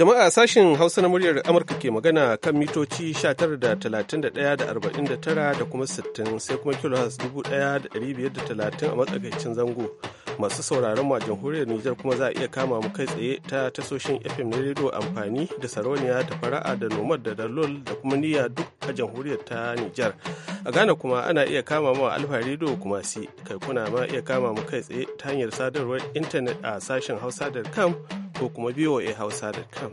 Jama'a sashen Hausa na muryar Amurka ke magana kan mitoci 19.31.49 da kuma 60 sai kuma kilohas 1,530 a matsakaicin zango. Masu sauraron mu a jamhuriyar Nijar kuma za a iya kama mu kai tsaye ta tasoshin FM na rediyo amfani da sarauniya da fara'a da nomad da dalol da kuma niyya duk a jamhuriyar ta Nijar. A Ghana kuma ana iya kama mu a Alfa rediyo kuma si kai kuna ma iya kama mu kai tsaye ta hanyar sadarwar intanet a sashen hausa.com ko kuma voahausa.com.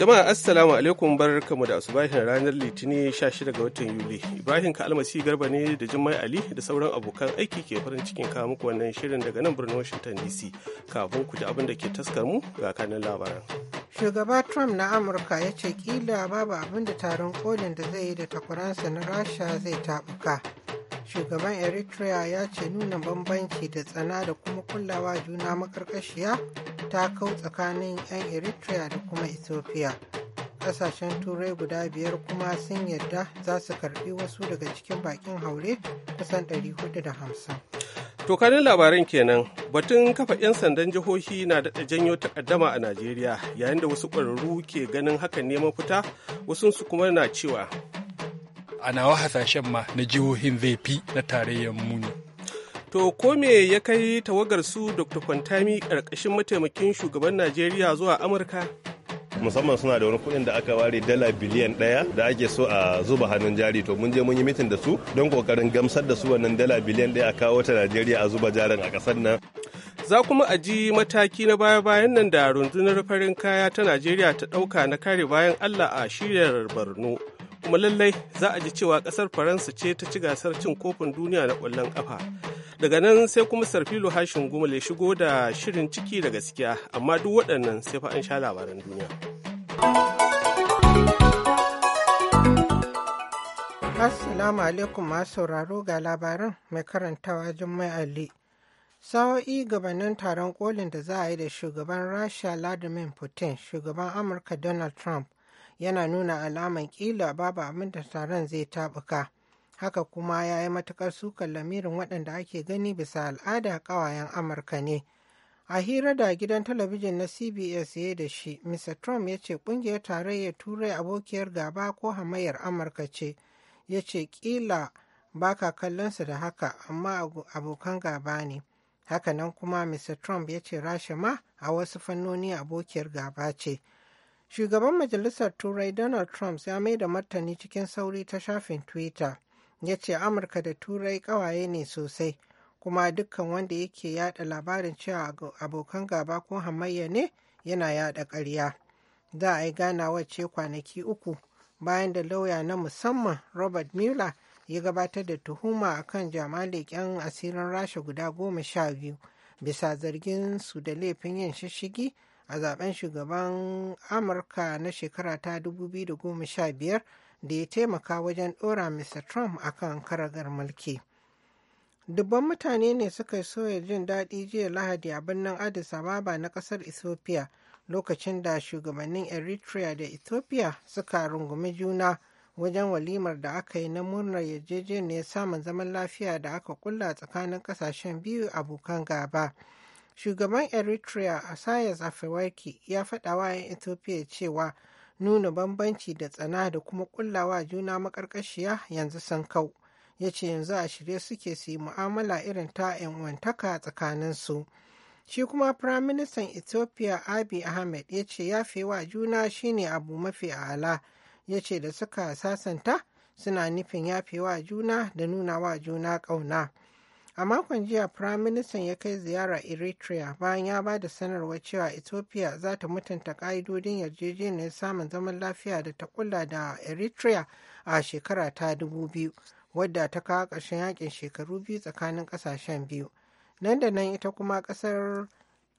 jama'a assalamu alaikum bar kamu da asubahin ranar litinin 16 ga watan yuli ibrahim ka Almasi garba ne da jimmai ali da sauran abokan aiki ke farin cikin kawo muku wannan shirin daga nan birnin washington dc kafin ku ji abin da ke taskar mu ga kanin labaran shugaba trump na amurka ya ce kila babu abin da taron kolin da zai yi da takwaransa na rasha zai tabuka shugaban eritrea ya ce nuna bambanci da tsana da kuma kullawa juna makarkashiya ta kau tsakanin 'yan eritrea da kuma ethiopia kasashen turai guda biyar kuma sun yadda za su karbi wasu daga cikin bakin haure kusan 450 to kanin labaran kenan batun kafa 'yan sandan jihohi na daɗa janyo takaddama a najeriya yayin da wasu ƙwararru ke ganin hakan neman fita wasu kuma na cewa a nawa hasashen ma na jihohin zai fi na tarayyar muni. To ko me ya kai tawagar su Dr. Kwantami ƙarƙashin mataimakin shugaban Najeriya zuwa Amurka? musamman suna da wani kuɗin da aka ware dala biliyan ɗaya da ake so a zuba hannun jari to mun je mun yi mitin da su don ƙoƙarin gamsar da su wannan dala biliyan ɗaya a kawo ta Najeriya a zuba jarin a ƙasar nan. Za kuma a ji mataki na baya-bayan nan da rundunar farin kaya ta Najeriya ta ɗauka na kare bayan Allah a shiryar Borno. kuma lallai za a ji cewa kasar faransa ce ta ci gasar cin kofin duniya na kwallon ƙafa daga nan sai kuma sarfilo hashin gumale shigo da shirin ciki da gaskiya amma duk waɗannan sai fa an sha labaran duniya assalamu alaikum masu sauraro ga labaran mai karantawa jummai ali sa'o'i gabanin taron kolin da za a yi da shugaban rasha vladimir putin shugaban amurka donald trump yana nuna alaman kila babu abin da taron zai tabuka haka kuma ya yi matukar sukan lamirin waɗanda ake gani bisa al'ada ƙawayen amurka ne a hira da gidan talabijin na cbs ya da shi mr trump ya ce ƙungiyar tarayyar turai abokiyar gaba ko hamayyar amurka ce ya ce kila baka su da haka amma abokan gaba ne hakanan kuma mr trump ya ce rasha ma a wasu fannoni abokiyar gaba ce Shugaban Majalisar Turai Donald Trump ya mai da martani cikin sauri ta shafin Twitter. Ya ce Amurka da Turai kawaye ne sosai, kuma dukkan wanda yake yada labarin cewa abokan gaba ko hamayya ne yana yada karya. Za a yi ganawar ce kwanaki uku bayan da lauya na musamman Robert Mueller ya gabatar da tuhuma a kan jama'a asirin rasha guda goma sha biyu bisa zargin su da laifin yin shishigi a zaben shugaban amurka na shekara ta 2015 da ya taimaka wajen ɗora mr trump akan karagar mulki dubban mutane ne suka soya jin daɗi jiya lahadi a birnin addis ababa na ƙasar ethiopia lokacin da shugabannin eritrea da ethiopia suka rungumi juna wajen walimar da aka yi na murnar yarjejeniyar samun zaman lafiya da aka kulla tsakanin ƙasashen biyu abokan gaba. shugaban eritrea a asayas afewaki ya faɗa wa 'yan ethiopia cewa nuna bambanci da tsana da kuma kullawa juna makarkashiya yanzu san kau ya ce yanzu a shirye suke su yi mu'amala irin ta 'yan wantaka tsakaninsu shi kuma firaministan ethiopia abi ahmed ya ce yafewa juna shine abu mafi ala ya ce da suka sasanta suna nufin yafewa juna da nuna wa juna ƙauna A makon jiya Firaministan ya kai ziyara Eritrea bayan ya ba da sanarwar cewa Ethiopia za ta mutunta ƙa'idodin yarjejeniyar samun zaman lafiya da ta kula da Eritrea a shekara ta biyu, wadda ta kawo ƙarshen yakin shekaru biyu tsakanin ƙasashen biyu. Nan da nan ita kuma ƙasar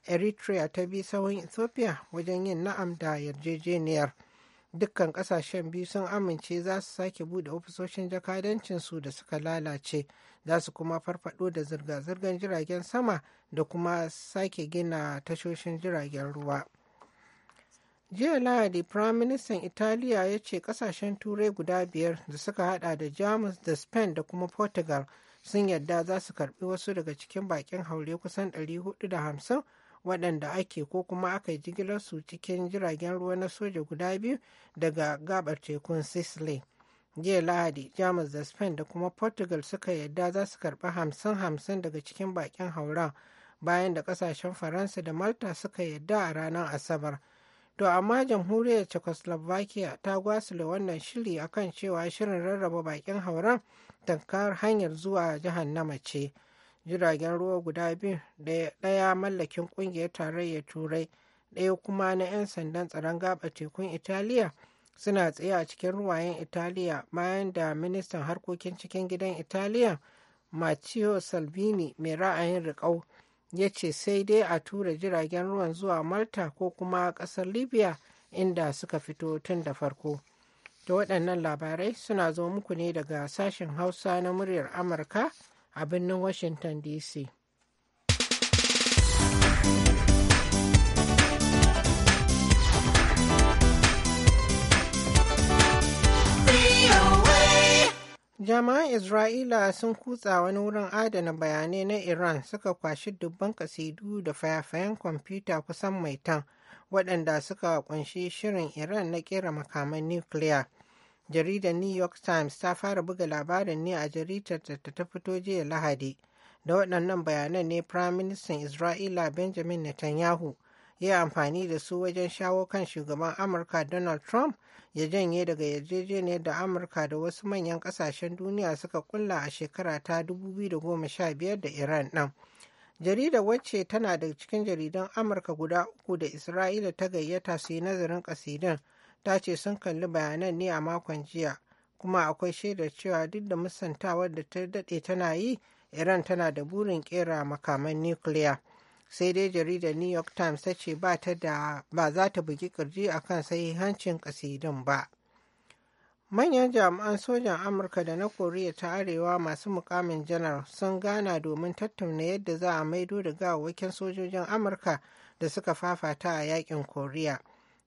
Eritrea ta bi sahun Ethiopia wajen yin na'am da yarjejeniyar. dukkan kasashen biyu sun amince za su sake bude ofisoshin jakadancin su da suka lalace za su kuma farfado da zirga-zirgar jiragen sama da kuma sake gina tashoshin jiragen ruwa jiya lahadi prime minister italiya ya ce kasashen turai guda biyar da suka hada da jamus da spain da kuma portugal sun yadda za su karbi wasu daga cikin bakin haure kusan 450 waɗanda ake ko kuma aka jigilar su cikin jiragen ruwa na soja guda biyu daga gabar tekun sicily jiya lahadi jamus da spain da kuma portugal suka yadda za su karɓi hamsin hamsin daga cikin bakin hauran bayan da ƙasashen faransa da malta suka yadda a ranar asabar to amma jamhuriyar czechoslovakia ta gwasula wannan shiri akan cewa shirin rarraba bakin hauran tankar hanyar zuwa jihar na mace. jiragen ruwa guda biyu da ɗaya mallakin ƙungiyar tarayyar turai ɗaya kuma na 'yan sandan tsaron gaba tekun italiya suna tsaye a cikin ruwayen italiya bayan da ministan harkokin cikin gidan italiya matteo salvini mai ra'ayin riƙau ya ce sai dai a tura jiragen ruwan zuwa malta ko kuma ƙasar libya inda suka fito tun da farko da waɗannan labarai suna zo muku ne daga sashen hausa na muryar amurka a birnin washington dc jama'an isra'ila sun kutsa wani wurin adana bayanai na iran suka kwashi dubban kasidu da fayafayen kwamfuta kusan mai tan waɗanda suka kunshi shirin iran na kera makaman nukiliya. jaridar new york times ta fara buga labarin ne a jaridar da ta fito jiya lahadi da waɗannan bayanan ne prime minister isra'ila benjamin netanyahu ya yi amfani da su wajen shawo kan shugaban amurka donald trump ya janye daga yarjejeniyar da amurka da wasu manyan ƙasashen duniya suka kulla a shekara ta 2015 da iran ɗin jaridar wacce tana da cikin jaridan amurka guda uku da isra'ila ta gayyata su yi nazarin ƙasidin ta ce sun kalli bayanan ne a makon jiya kuma akwai shaidar cewa duk da musantawar da ta daɗe tana yi iran tana da burin kera makaman nukiliya sai dai jaridar new york times ta ce ba za ta bugi kirji akan hancin kasidin ba manyan jami'an sojan amurka da na koriya ta arewa masu mukamin janar sun gana domin tattauna yadda za a maido da gawawakin sojojin amurka da suka fafata a yakin koriya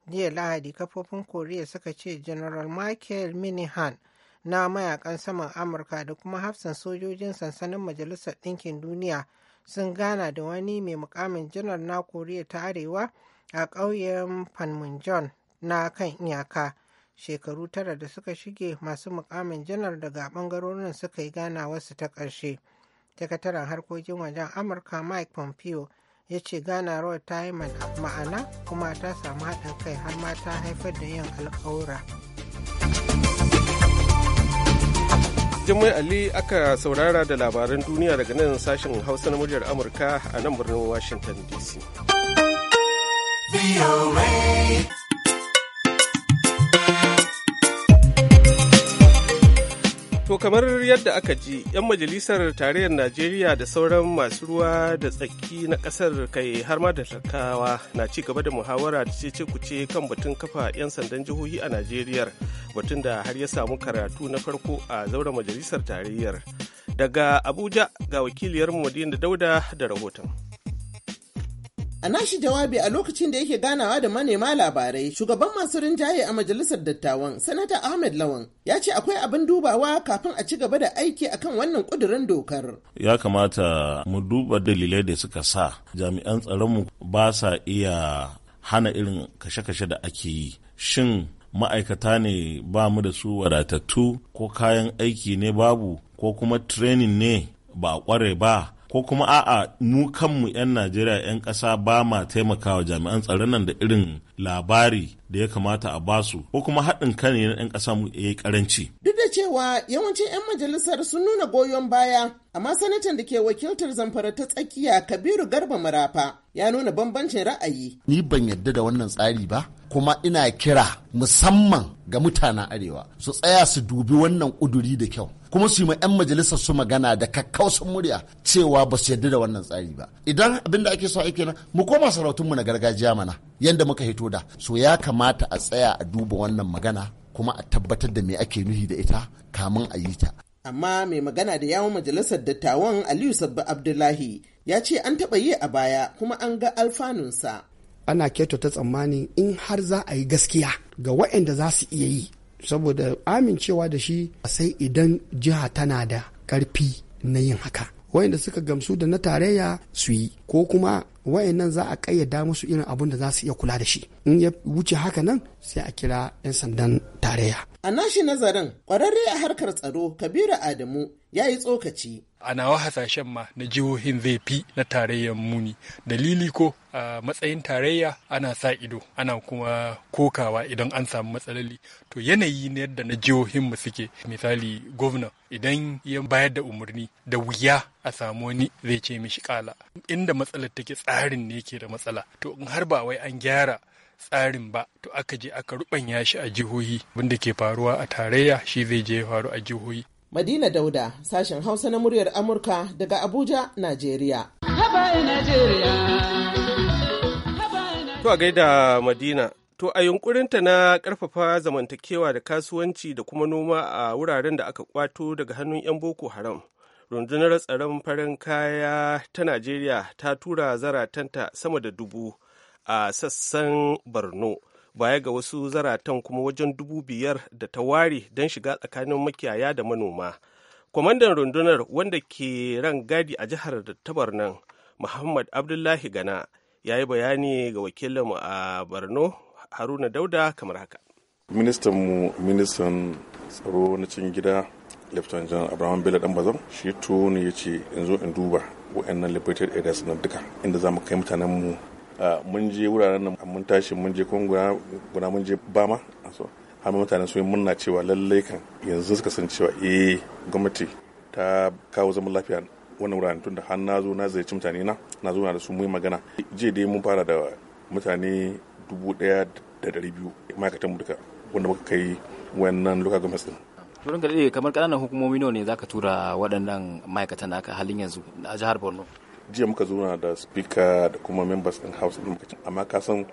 jiya lahadi kafofin koriya suka ce general michael minihan na mayakan saman amurka da kuma hafsan sojojin sansanin majalisar ɗinkin duniya sun gana da wani mai mukamin janar na koriya ta arewa a ƙauyen panmunjom na kan iyaka shekaru tara da suka shige masu mukamin janar daga bangarorin suka yi ganawarsu ta ƙarshe sakataren harkokin wajen amurka mike pompeo ya ce ganawar ta yi ma'ana kuma ta samu haɗin kai har ma ta haifar da yin alƙawura. Jummai Ali aka saurara da labaran duniya daga nan sashen Hausa na muryar Amurka a nan birnin Washington DC. To kamar yadda aka ji, 'yan majalisar tarayyar Najeriya da sauran masu ruwa da tsaki na kasar kai har ma da talakawa na ci gaba da muhawara da cece kuce kan batun kafa 'yan sandan jihohi a Najeriya, batun da har ya samu karatu na farko a zauren majalisar tarayyar. Daga Abuja ga wakiliyar Madina Dauda da rahoton. A nashi jawabi a lokacin da yake ganawa da manema labarai, shugaban masu rinjaye a majalisar dattawan, Sanata Ahmed Lawan, ya ce akwai abin dubawa kafin a ci gaba da aiki a kan wannan kudurin dokar. Ya kamata mu duba dalilai da suka sa jami'an tsaronmu ba sa iya hana irin kashe-kashe da ake yi. Shin ma'aikata ne ba mu da su wadatattu ko kayan aiki ne babu ko kuma training ne ba a kware ba ko kuma a'a mu kanmu 'yan najeriya 'yan ƙasa ba ma taimakawa jami'an tsaron nan da irin labari da ya kamata a basu ko kuma haɗin kan na 'yan ƙasa mu ya yi ƙaranci. Duk da cewa yawancin 'yan majalisar sun nuna goyon baya amma sanatan da ke wakiltar zamfara ta tsakiya kabiru garba marafa ya nuna bambancin ra'ayi. Ni ban yarda da wannan tsari ba. kuma ina kira musamman ga mutanen arewa su tsaya su dubi wannan kuduri da kyau kuma su yi ma 'yan majalisar su magana da kakkausun murya cewa ba su yarda da wannan tsari ba idan abin da ake so ake na mu koma sarautunmu na gargajiya mana yadda muka hito da so ya kamata a tsaya a duba wannan magana kuma a tabbatar da me ake nuhi da ita kamun a yi ta amma mai magana da yawon majalisar dattawan aliyu sabba abdullahi ya ce an taɓa yi a baya kuma an ga alfanunsa ana ta tsammanin in har za a yi gaskiya ga waɗanda za su iya yi saboda amincewa da shi a sai idan jiha tana da ƙarfi na yin haka wayanda suka gamsu da na tarayya su yi ko kuma wayannan za a kayyada musu irin abun da za su iya kula da shi in ya wuce haka nan sai a kira 'yan sandan tarayya a nashi nazarin ƙwararre a harkar tsaro kabiru adamu ya yi tsokaci Ana wa hasashen ma na jihohin zai fi na tarayyar muni dalili ko a matsayin tarayya ana sa ido ana kuma kokawa idan an samu matsalali to yanayi na yadda na jihohin mu suke misali gwamna idan ya bayar da umarni da wuya a samu wani zai ce mishi kala inda matsalar take tsarin ne ke da matsala to in har ba wai an gyara tsarin ba to aka je aka rubanya shi a jihohi wanda ke faruwa a tarayya shi zai je faru a jihohi Madina Dauda, sashen Hausa na muryar Amurka daga Abuja, Najeriya. To a gaida Madina, to a yunkurinta na ƙarfafa zamantakewa da kasuwanci da kuma noma a wuraren da aka kwato daga hannun 'yan Boko Haram. Rundunar tsaron farin kaya ta Najeriya ta tura zaratanta sama da dubu a sassan Borno. baya ga wasu zaratan kuma wajen dubu biyar da ta ware don shiga tsakanin makiyaya da manoma kwamandan rundunar wanda ke ran gadi a jihar tabar nan muhammad abdullahi gana ya yi bayani ga wakilinmu a borno haruna dauda kamar haka ministanmu ministan tsaro na cikin gida lieutenant general abraham bello dan bazam shi tuni ya ce in zo in duba wa'annan liberated areas na duka inda za mu kai mutanenmu Ah, mun je wuraren nan mun tashi mun je kun guna mun je bama har mutane sun yi murna cewa lallai kan yanzu suka san cewa eh gwamnati ta kawo zaman lafiya wannan wuraren tunda har na zo na ziyarci mutane na na zo na da su mu magana jiya dai mun fara da mutane dubu daya da dari biyu ma'aikatan mu duka wanda muka kai wannan Luka Gomes. din turin gari kamar kananan hukumomi ne za ka tura waɗannan ma'aikatan da aka halin yanzu a jihar borno jiya muka zo da speaker da kuma members in house din muka amma ka san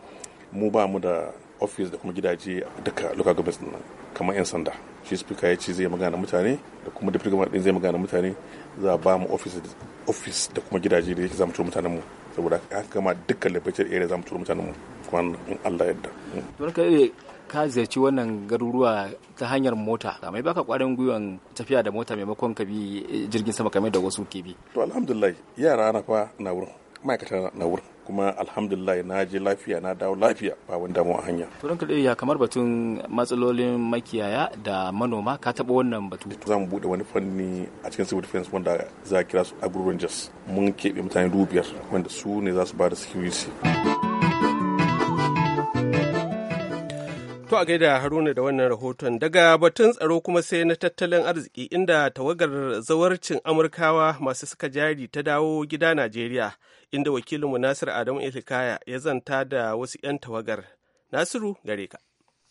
mu ba mu da office da kuma gidaje duka local government din nan kamar yan sanda shi speaker ya ce zai magana mutane da kuma deputy governor din zai magana mutane za ba mu office office da kuma gidaje da yake za mu turo mutanen mu saboda haka gama dukkan lafiyar area za mu turo mutanen mu kuma in Allah yadda. ka ziyarci wannan garuruwa ta hanyar mota mai baka kwarin gwiwan tafiya da mota maimakon ka bi eh, jirgin sama kamar da wasu ke bi to alhamdulillah yara na fa na wurin ma'aikata na wurin kuma alhamdulillah na je lafiya na dawo lafiya ba wani damu a hanya. Turan kaɗe ya kamar batun matsalolin makiyaya da manoma ka taba wannan batu. Za mu buɗe wani fanni a cikin civil defense wanda za a kira su agro rangers mun keɓe mutane dubu biyar wanda su ne za su ba da security. To a gaida Haruna da wannan rahoton daga batun tsaro kuma sai na tattalin arziki inda tawagar zawarcin Amurkawa masu suka jari ta dawo gida Najeriya inda wakilinmu nasiru Adamu Ilkaya ya zanta da wasu 'yan tawagar. Nasiru gare ka.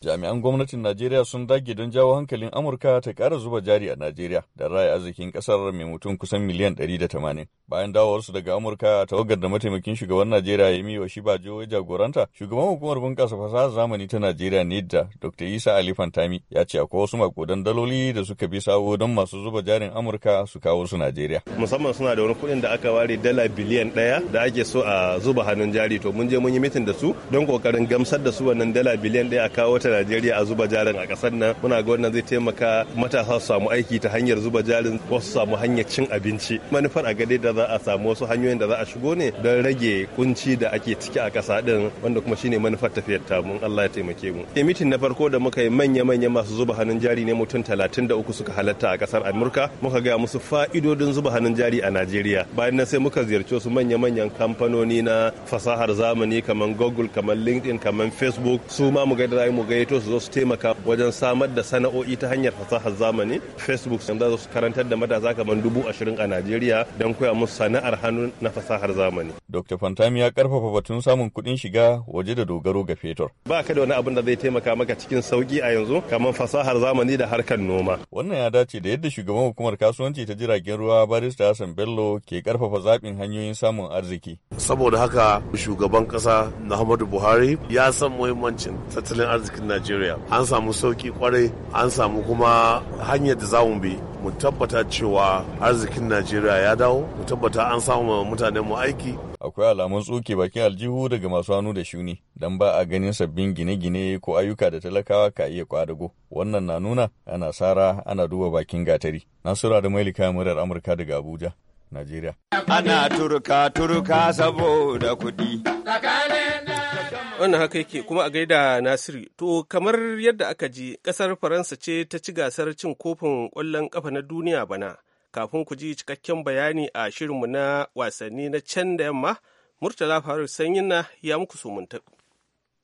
jami'an gwamnatin najeriya sun dage don jawo hankalin amurka ta kara zuba jari a najeriya da raya arzikin ƙasar mai mutum kusan miliyan 180 bayan dawowarsu daga amurka tawagar da mataimakin shugaban najeriya ya miwa shi ba ya jagoranta shugaban hukumar bunƙasa fasaha zamani ta najeriya nidda dr isa ali fantami ya ce akwai wasu makodan daloli da suka bi sawo don masu zuba jarin amurka su kawo su najeriya musamman suna da wani kuɗin da aka ware dala biliyan ɗaya da ake so a zuba hannun jari to mun je mun yi mitin da su don ƙoƙarin gamsar da su wannan dala biliyan ɗaya a kawo ta Najeriya a zuba jarin a ƙasar nan muna ga wannan zai taimaka matasa su samu aiki ta hanyar zuba jarin wasu samu hanyar cin abinci manufar a gade da za a samu wasu hanyoyin da za a shigo ne don rage kunci da ake ciki a ƙasa din wanda kuma shine manufar tafiyar ta mun Allah ya taimake mu e mitin na farko da muka yi manya manya masu zuba hannun jari ne mutum 33 suka halatta a ƙasar Amurka muka ga musu fa'idodin zuba hannun jari a Najeriya bayan nan sai muka ziyarci su manya manyan kamfanoni na fasahar zamani kamar Google kamar LinkedIn kamar Facebook su ma mu ga da mu ga gayyato su zo su taimaka wajen samar da sana'o'i ta hanyar fasahar zamani facebook sun su karantar da matasa kamar dubu ashirin a najeriya don koya musu sana'ar hannu na fasahar zamani dr fantami ya karfafa batun samun kuɗin shiga waje da dogaro ga fetur ba ka da wani abin da zai taimaka maka cikin sauki a yanzu kamar fasahar zamani da harkar noma wannan ya dace da yadda shugaban hukumar kasuwanci ta jiragen ruwa barista hassan bello ke karfafa zaɓin hanyoyin samun arziki saboda haka shugaban ƙasa muhammadu buhari ya san muhimmancin tattalin arzikin Najeriya an samu sauki kwarai an samu kuma hanyar da zamu bi mu tabbata cewa arzikin Najeriya ya dawo mu tabbata an samu mutanen mu aiki akwai alamun tsoke bakin aljihu daga masu hannu da shuni dan ba a ganin sabbin gine-gine ko ayyuka da talakawa ka iya kwadago wannan na nuna ana sara ana duba bakin gatari nasura da mailika murar amurka daga abuja najeriya ana turka turka saboda kuɗi wannan haka yake kuma a gaida nasiru to kamar yadda aka ji kasar faransa ce ta ci gasar cin kofin kwallon kafa na duniya bana kafin ku ji cikakken bayani a shirinmu na wasanni na can da yamma murtala faru sanyin na ya muku sumunta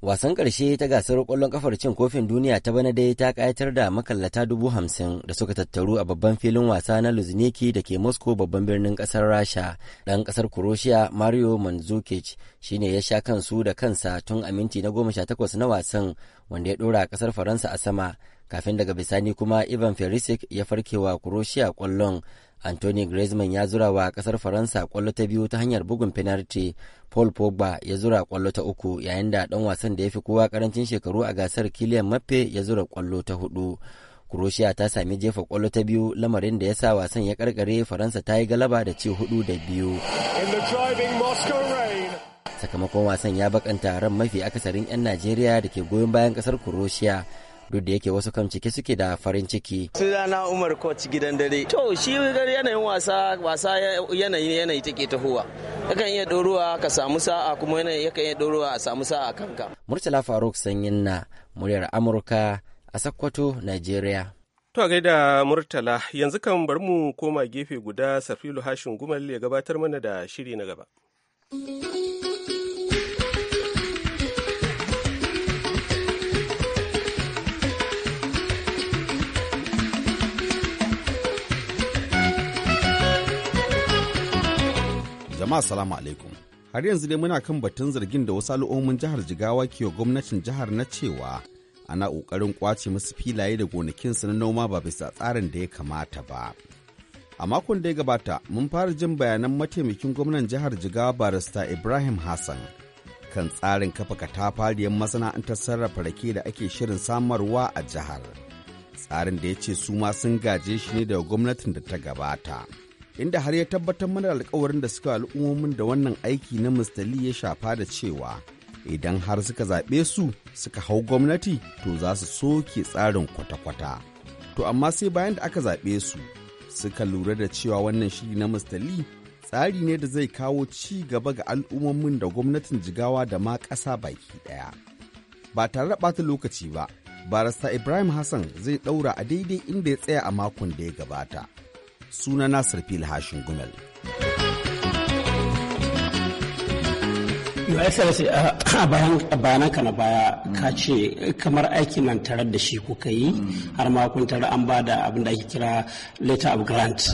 Wasan ƙarshe ta gasar ƙwallon ƙafar cin kofin duniya ta bana dai ta ƙayatar da makallata dubu hamsin da suka tattaru a babban filin wasa na Luzniki da ke Moscow babban birnin ƙasar Rasha. Ɗan ƙasar Kuroshiya Mario Mandzukic shi ne ya sha kansu da kansa tun a minti na goma sha takwas na wasan wanda ya ɗora ƙasar Faransa a sama. Kafin daga bisani kuma Ivan Perisic ya farkewa Kuroshiya ƙwallon Anthony Griezmann ya zura wa kasar Faransa kwallo ta biyu ta hanyar bugun penalty Paul Pogba ya zura kwallo ta uku yayin da dan wasan da ya fi kowa karancin shekaru a gasar Kylian Mbappe ya zura kwallo ta hudu. Croatia ta sami jefa kwallo ta biyu lamarin da ya sa wasan ya karkare Faransa ta yi galaba da ci hudu da biyu. Sakamakon wasan ya bakanta ran mafi akasarin 'yan Najeriya da ke goyon bayan kasar Croatia duk da yake wasu kan ciki suke da farin ciki. Sunana Umar Koch gidan dare. To shi yanayin wasa wasa yanayi yanayi take tahowa. Yakan iya doruwa ka samu sa'a kuma yanayi yakan iya doruwa a samu sa'a kanka. Murtala Faruk Sanyin na muryar Amurka a Sokoto, Nigeria. To a gaida Murtala yanzu kan bar mu koma gefe guda Safilu Hashin Gumal ya gabatar mana da shiri na gaba. Jama'a salamu alaikum. Har yanzu dai muna kan batun zargin da wasu al'ummin jihar Jigawa ke gwamnatin jihar na cewa ana ƙoƙarin kwace musu filaye da gonakinsu na noma ba bisa tsarin da ya kamata ba. A makon da ya gabata mun fara jin bayanan mataimakin gwamnan jihar Jigawa barista Ibrahim Hassan kan tsarin kafa katafariyar masana'antar sarrafa rake da ake shirin samarwa a jihar. Tsarin da ya ce su ma sun gaje shi ne daga gwamnatin da ta gabata. inda har ya tabbatar mana alkawarin da suka al'ummomin da wannan aiki na mustali ya shafa da cewa idan har suka zaɓe su suka hau gwamnati to za su soke tsarin kwata-kwata to amma sai bayan da aka zaɓe su suka lura da cewa wannan shiri na mustali tsari ne da zai kawo ci gaba ga al'ummomin da gwamnatin jigawa da ma ƙasa baki ɗaya ba tare da ɓata lokaci ba barista ibrahim hassan zai ɗaura a daidai inda ya tsaya a makon da ya gabata suna Nasir Fil Hashin Gumel. Uh, sai a bayanan ka na baya ka ce kamar aikin nan tare da shi kuka yi har ma kun tare an ba da abin da ake kira letter of grant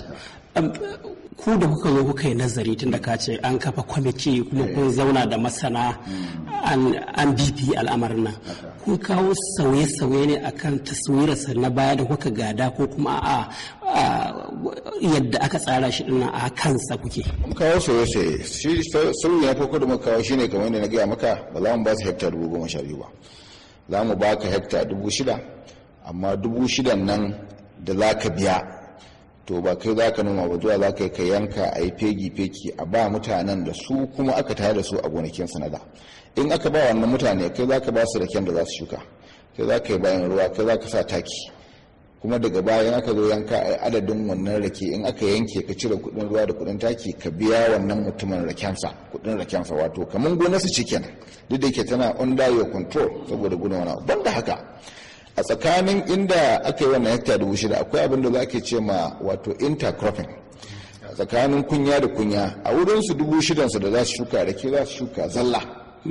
ku da kuka zo kuka yi nazari tun da ka ce an kafa kwamiti kuma kun eh. zauna da masana hmm. an bibi al'amarin nan kun kawo sauye-sauye ne akan taswirarsa na baya da kuka gada ko kuma a yadda aka tsara shi dinnan a kansa kuke kawo sauye-sauye shi sauye ya farko da muka shi ne kamar yadda na gaya maka ba za mu ba su hekta dubu goma sha biyu ba za mu ba ka hekta dubu shida amma dubu shidan nan da za ka biya to ba kai za ka noma ba zuwa za ka yi ka yanka a yi fegi feki a ba mutanen da su kuma aka tare da su a gonakin sanada in aka ba wannan mutane kai za ka ba su raken da za su shuka kai za ka yi bayan ruwa kai za ka sa taki kuma daga bayan aka zo yanka a adadin wannan rake in aka yanke ka cire kudin ruwa da kudin taki ka biya wannan mutumin rakensa kudin rakensa wato kamar gonarsa cikin duk da yake tana under your control saboda gudun wani ban da haka a tsakanin inda aka yi wannan hekta dubu shida akwai abin da za ke ce ma wato intercropping tsakanin kunya da kunya a wurinsu dubu su da za su shuka rake za su shuka zalla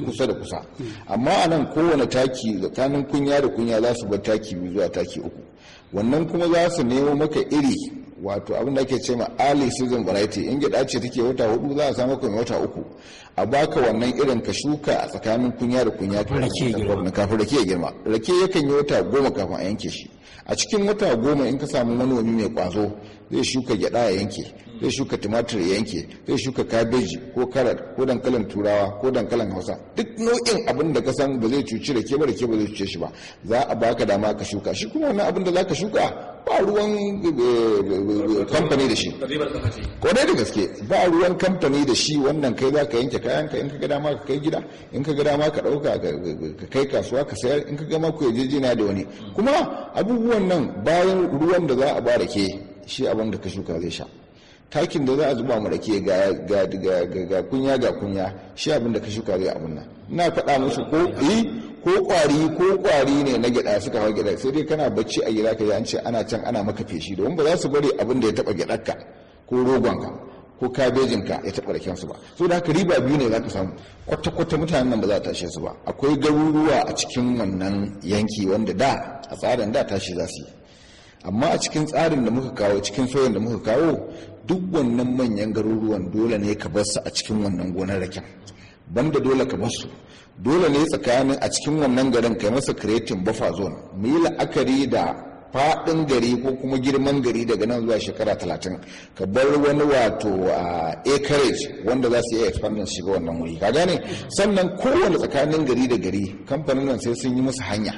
kusa da kusa amma a nan kowane taki tsakanin kunya da kunya za su bar taki biyu zuwa taki uku wannan kuma za su nemo maka iri wato abin da ake ce ma early season variety in gida ce take wata hudu za a samu kuma wata uku a baka wannan irin ka shuka a tsakanin kunya da kunya kafin rake ya girma rake yakan yi wata goma kafin a yanke shi a cikin wata goma in ka samu manomi mai kwazo zai shuka gyada ya yanke zai shuka tumatir ya yanke zai shuka kabeji ko karat ko dankalin turawa ko dankalin hausa duk nau'in abin da ka san ba zai cuci rake ba rake ba zai cuce shi ba za a baka dama ka shuka shi kuma wannan abin da za ka shuka ba ruwan eh, kamfani da shi ko dai da gaske ba ruwan kamfani da shi wannan kai za ka yanke kayan ka in ka ga dama ka kai gida in ka ga dama ka dauka ka kai kasuwa ka sayar in ka ga ma ku yarjejeniya da wani kuma abubuwan nan bayan ruwan da za a ba rake shi abin da ka shuka zai sha takin da za a zuba mara ke ga ga kunya ga kunya shi abin ka shuka zai abin nan ina faɗa musu ko eh ko kwari ko kwari ne na gida suka hau gida sai dai kana bacci a gida ka ji an ce ana can ana maka feshi domin ba za su bari abin da ya taba gidanka ko rogonka ko kabejinka ya taɓa raken su ba so da haka riba biyu ne za ka samu kwata-kwata mutanen nan ba za a tashe su ba akwai garuruwa a cikin wannan yanki wanda da a tsarin da tashi za su yi amma a cikin tsarin da muka kawo cikin soyan da muka kawo duk wannan manyan garuruwan dole ne ka bar su a cikin wannan gonar raken banda dole ka bar su dole ne tsakanin a cikin wannan garin kai masa creating buffer zone mu yi la'akari da faɗin gari ko kuma girman gari daga nan zuwa shekara talatin ka bar wani wato acreage wanda za su iya expanding shiga wannan wuri ka gane sannan kowane tsakanin gari da gari kamfanin nan sai sun yi musu hanya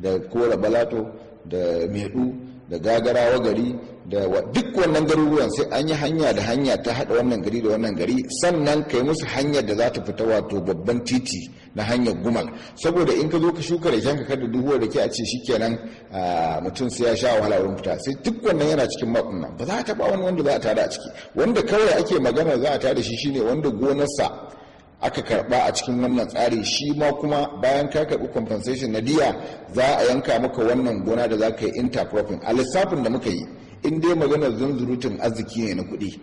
da kora balato da medu da gagarawa gari da duk wannan garuruwan sai an yi hanya da hanya ta haɗa wannan gari da wannan gari sannan kai musu hanyar da za ta fita wato babban titi na hanyar gumal saboda in ka zo ka shuka da shanka kada duhuwar da ke a ce shikenan mutum sai ya sha wahala wurin fita sai duk wannan yana cikin makon ba za a taɓa wani wanda za a tada a ciki wanda kawai ake magana za a tada shi shine wanda gonarsa aka karba a cikin wannan tsari shi ma kuma bayan ka karbi compensation na diya za a yanka maka wannan gona da za ka yi intercropping a lissafin da muka yi in dai maganar zanzurutun arziki ne na kuɗi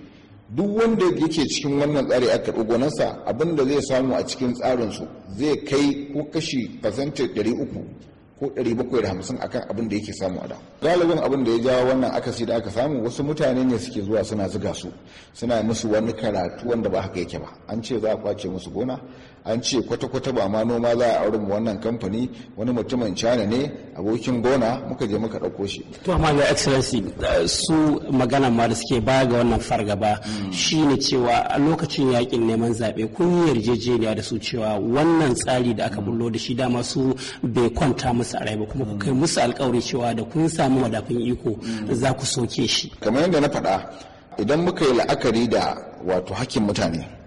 duk wanda yake cikin wannan tsari a karbi gonarsa abin da zai samu a cikin tsarinsu zai kai ko kashi percentage 300 ko 750 akan abin da yake samu a da galibin abin da ya jawo wannan akasi da aka samu wasu mutane ne suke zuwa suna zuga su suna musu wani karatu wanda ba haka yake ba an ce za a kwace musu gona an ce kwata-kwata ba ma noma za a auren wannan kamfani wani mutumin china ne abokin gona muka je muka ɗauko shi to amma your excellency su magana ma da suke baya ga wannan fargaba hmm. shine cewa a lokacin yakin neman zaɓe kun yi yarjejeniya da su cewa wannan tsari da aka hmm. bullo da shi dama su bai kwanta musu a rai ba kuma ku kai hmm. musu alkawari cewa da kun samu wadafin iko za ku soke shi kamar yadda na faɗa idan muka yi la'akari da wato hakkin mutane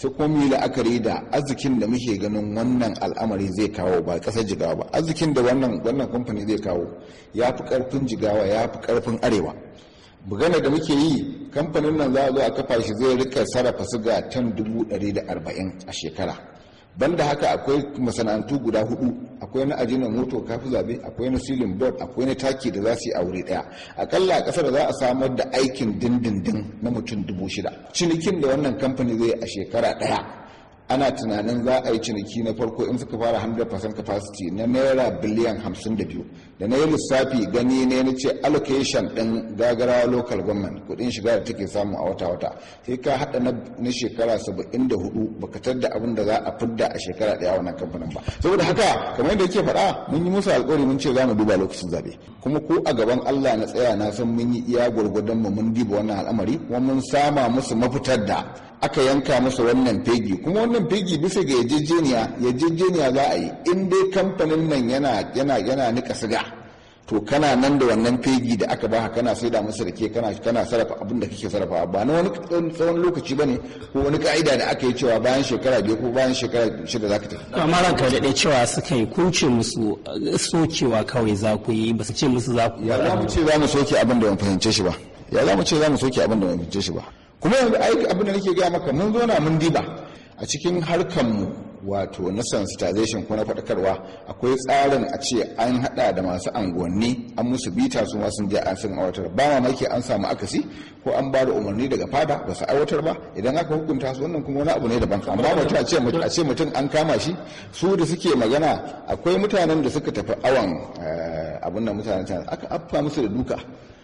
sai kuma mu yi la'akari da arzikin da muke ganin wannan al'amari zai kawo ba kasar jigawa ba arzikin da wannan wannan kamfani zai kawo ya fi karfin jigawa ya fi karfin arewa bugana da muke yi kamfanin nan za a zo a kafa shi zai rika sarrafa siga tan dubu ɗari da arba'in a shekara banda haka akwai masana'antu guda hudu akwai na ajinan moto kafi zabe akwai na silin board akwai na taki da za su yi a wuri daya akalla a kasar za a samar da aikin dindindin na mutum dubu shida cinikin da wannan kamfani zai a shekara daya ana tunanin za a yi ciniki na farko in suka fara 100% capacity na naira biliyan 52 da na yi lissafi gani ne na ce allocation din gagarawa local government kudin shiga da take samu a wata-wata sai ka hada na shekara 74 bukatar da abin da za a fidda a shekara daya wannan kamfanin ba saboda haka kamar yadda yake faɗa mun yi musu alƙawari mun ce za mu duba lokacin zabe kuma ko a gaban Allah na tsaya na san mun yi iya gwargwadon mu mun diba wannan al'amari kuma mun sama musu mafitar da aka yanka masa wannan fegi kuma wannan fegi bisa ga yajejeniya yajejeniya za a yi in dai kamfanin nan yana yana yana nika siga to kana nan da wannan fegi da aka baka kana sai da masa rake kana kana sarrafa abin da kake sarrafa ba na wani tsawon lokaci bane ko wani ka'ida da aka yi cewa bayan shekara biyu ko bayan shekara shida ka tafi amma ranka da dai cewa suka yi kun ce musu eh, sokewa kawai za ku yi ba su ce musu za ku ya za mu ce za mu soke abin da ban fahimce shi ba ya za mu ce za mu soke abin da ban fahimce shi ba kuma yanzu aiki abin da nake gaya maka mun zo na mun diba a cikin mu wato na sensitization ko na faɗakarwa akwai tsarin a ce an haɗa da masu anguwanni an musu bita su ma sun je an sun aiwatar ba ma mamaki an samu akasi ko an ba da umarni daga fada ba su aiwatar ba idan aka hukunta su wannan kuma wani abu ne daban amma mutum a ce mutum an kama shi su da suke magana akwai mutanen da suka tafi awon eh, abin da mutanen aka affa musu da duka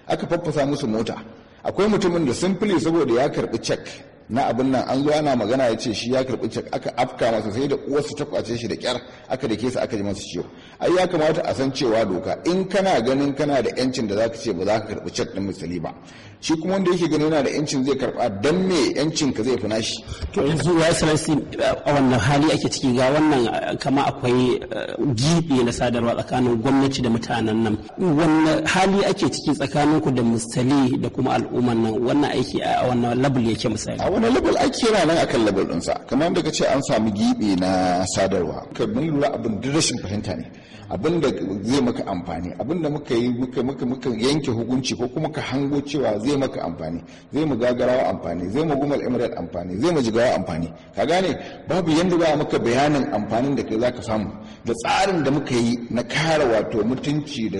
aka faffasa musu mota akwai mutumin da simfili saboda ya karbi cek na abin nan an zo ana magana ya ce shi ya karbi cak aka afka masa sai da uwarsa ta kwace shi da kyar aka da su aka ji masa ciwo ai ya kamata a san cewa doka in kana ganin kana da yancin da zaka ce ba za ka karɓi din misali ba shi kuma wanda yake ganin yana da yancin zai karɓa dan me yancin ka zai fina shi to yanzu ya salansi a wannan hali ake ciki ga wannan kama akwai uh, gibi na sadarwa tsakanin gwamnati da mutanen nan wannan hali ake ciki tsakanin ku da misali da kuma al'umman nan wannan aiki a wannan labul yake misali wani label aiki yana nan akan label ɗinsa kamar da ka ce an samu giɓi na sadarwa ka mun lura abin da rashin fahimta ne abin da zai maka amfani abin da muka yi muka muka muka yanke hukunci ko kuma ka hango cewa zai maka amfani zai mu gagarawa amfani zai mu gumal emirate amfani zai mu jigawa amfani ka gane babu yanda za muka bayanin amfanin da kai zaka samu da tsarin da muka yi na kare wato mutunci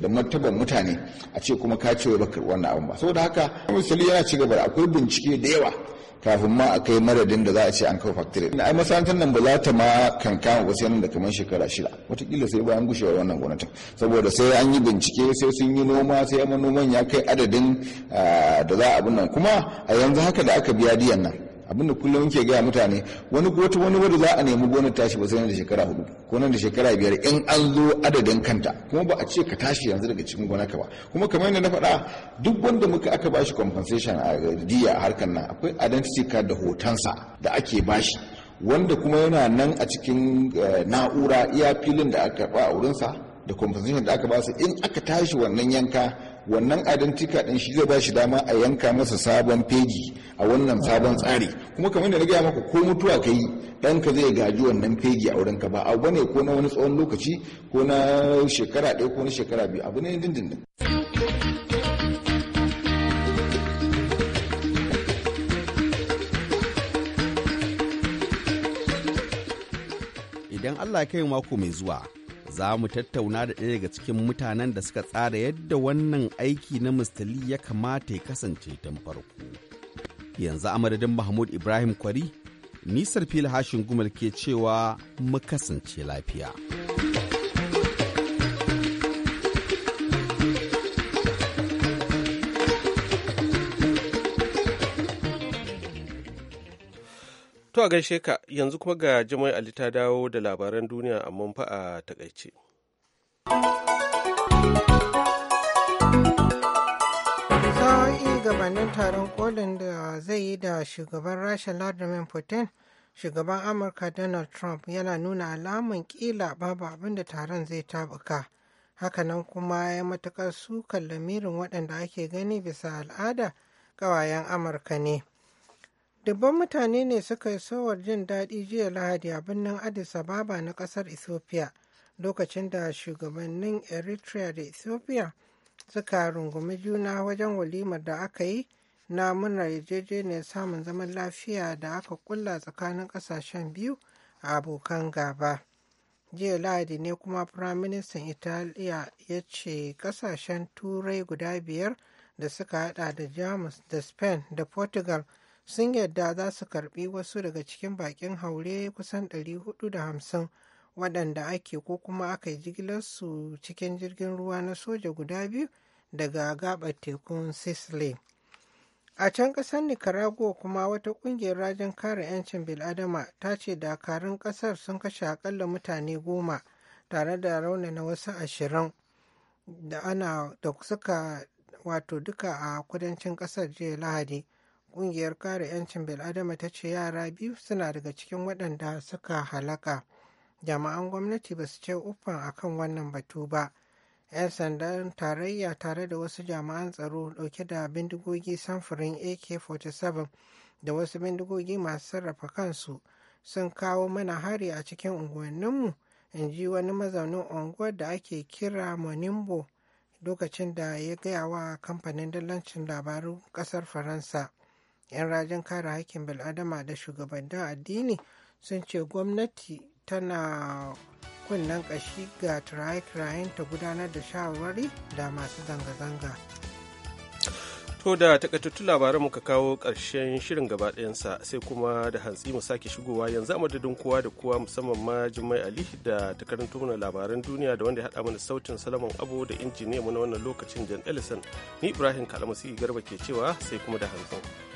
da martaban mutane a ce kuma ka ce baka wannan abin ba saboda haka misali yana ci gaba akwai bincike da yawa kafin ma a kai madadin da za a ce an kawo factory ai masana'antar nan ba za ta ma kankan ba sai nan da kamar shekara shida watakila sai bayan gushewar wannan gwamnatin saboda sai an yi bincike sai sun yi noma sai noman ya kai adadin ah, da za a abin nan kuma a yanzu haka da aka biya diyan nan abinda kullum muke gaya mutane wani wata wani wadda za a nemi gonar tashi ba sai da shekara hudu ko nan da shekara biyar in an zo adadin kanta kuma ba a ce ka tashi yanzu daga cikin ka ba kuma kamar yadda na faɗa duk wanda muka aka bashi compensation a diya a harkar nan akwai identity card da hotonsa da ake bashi wanda kuma yana nan a cikin eh, na'ura iya filin da aka ba a wurinsa da compensation da aka ba su in aka tashi wannan yanka wannan adantika din shi zai ba shi dama a yanka masa sabon feji a wannan sabon tsari kuma kamar da na gaya maka ko mutuwa ka yi ɗanka zai gaji wannan feji a wurin ka ba abu bane ko na wani tsawon lokaci ko na shekara ɗaya ko na shekara biyu abu ne dindindin idan Allah ya kai mako mai zuwa za mu tattauna da ɗaya daga cikin mutanen da suka tsara yadda wannan aiki na mustali ya kamata ya kasance tun farko. Yanzu a madadin Mahmud Ibrahim Kwari, nisar fil hashin gumal ke cewa mu kasance lafiya. To a gaishe ka yanzu kuma ga Jimai Ali ta dawo da labaran duniya amma fa a takaice. Sa'o'i gabanin taron kolin da zai yi da shugaban Rasha Vladimir Putin, shugaban Amurka Donald Trump yana nuna alamun kila babu abin da taron zai tabuka. Hakanan kuma ya matukar sukan lamirin waɗanda ake gani bisa al'ada ƙawayen Amurka ne. dubban mutane ne suka yi sowar jin daɗi jiya lahadi a birnin addis ababa na ƙasar ethiopia lokacin da shugabannin eritrea da ethiopia suka rungumi juna wajen walimar da aka yi na murna yarjejeniyar samun zaman lafiya da aka kulla tsakanin ƙasashen biyu a abokan gaba jiya lahadi ne kuma firaministan italiya ya ce ƙasashen turai guda biyar da suka haɗa da jamus da spain da portugal sun yadda za su karbi wasu daga cikin bakin haure kusan 450 waɗanda ake ko kuma aka yi su cikin jirgin ruwa na soja guda biyu daga gabar tekun sicily a can ƙasar nicaragua kuma wata ƙungiyar rajin kare 'yancin biladama ta ce dakarun ƙasar sun kashe aƙalla mutane goma tare da na wasu ashirin da ana da suka wato duka a kudancin ƙasar jiya lahadi ƙungiyar kare 'yancin bil'adama ta ce yara biyu suna daga cikin waɗanda suka halaka jama'an gwamnati ba su ce uffan akan wannan batu ba 'yan sandan tarayya tare da wasu jama'an tsaro ɗauke da bindigogi samfurin ak-47 da wasu bindigogi masu sarrafa kansu sun kawo mana hari a cikin unguwanninmu in ji wani mazaunin unguwar da ake kira monimbo lokacin da ya gaya wa kamfanin dallancin labarun kasar faransa 'yan rajin kare haƙƙin bil'adama da shugabannin addini sun ce gwamnati tana kunnen ƙashi ga turai turayen ta gudanar da shawarwari da masu zanga-zanga. To da takaitattun labaran muka kawo ƙarshen shirin gaba dayansa sai kuma da hantsi mu sake shigowa yanzu a madadin kowa da kowa musamman ma jima'i Ali da ta mana labaran duniya da wanda ya haɗa mana sautin Salaman abu da injiniya mu na wannan lokacin Jan Ellison ni Ibrahim kalamasi Garba ke cewa sai kuma da hantsi.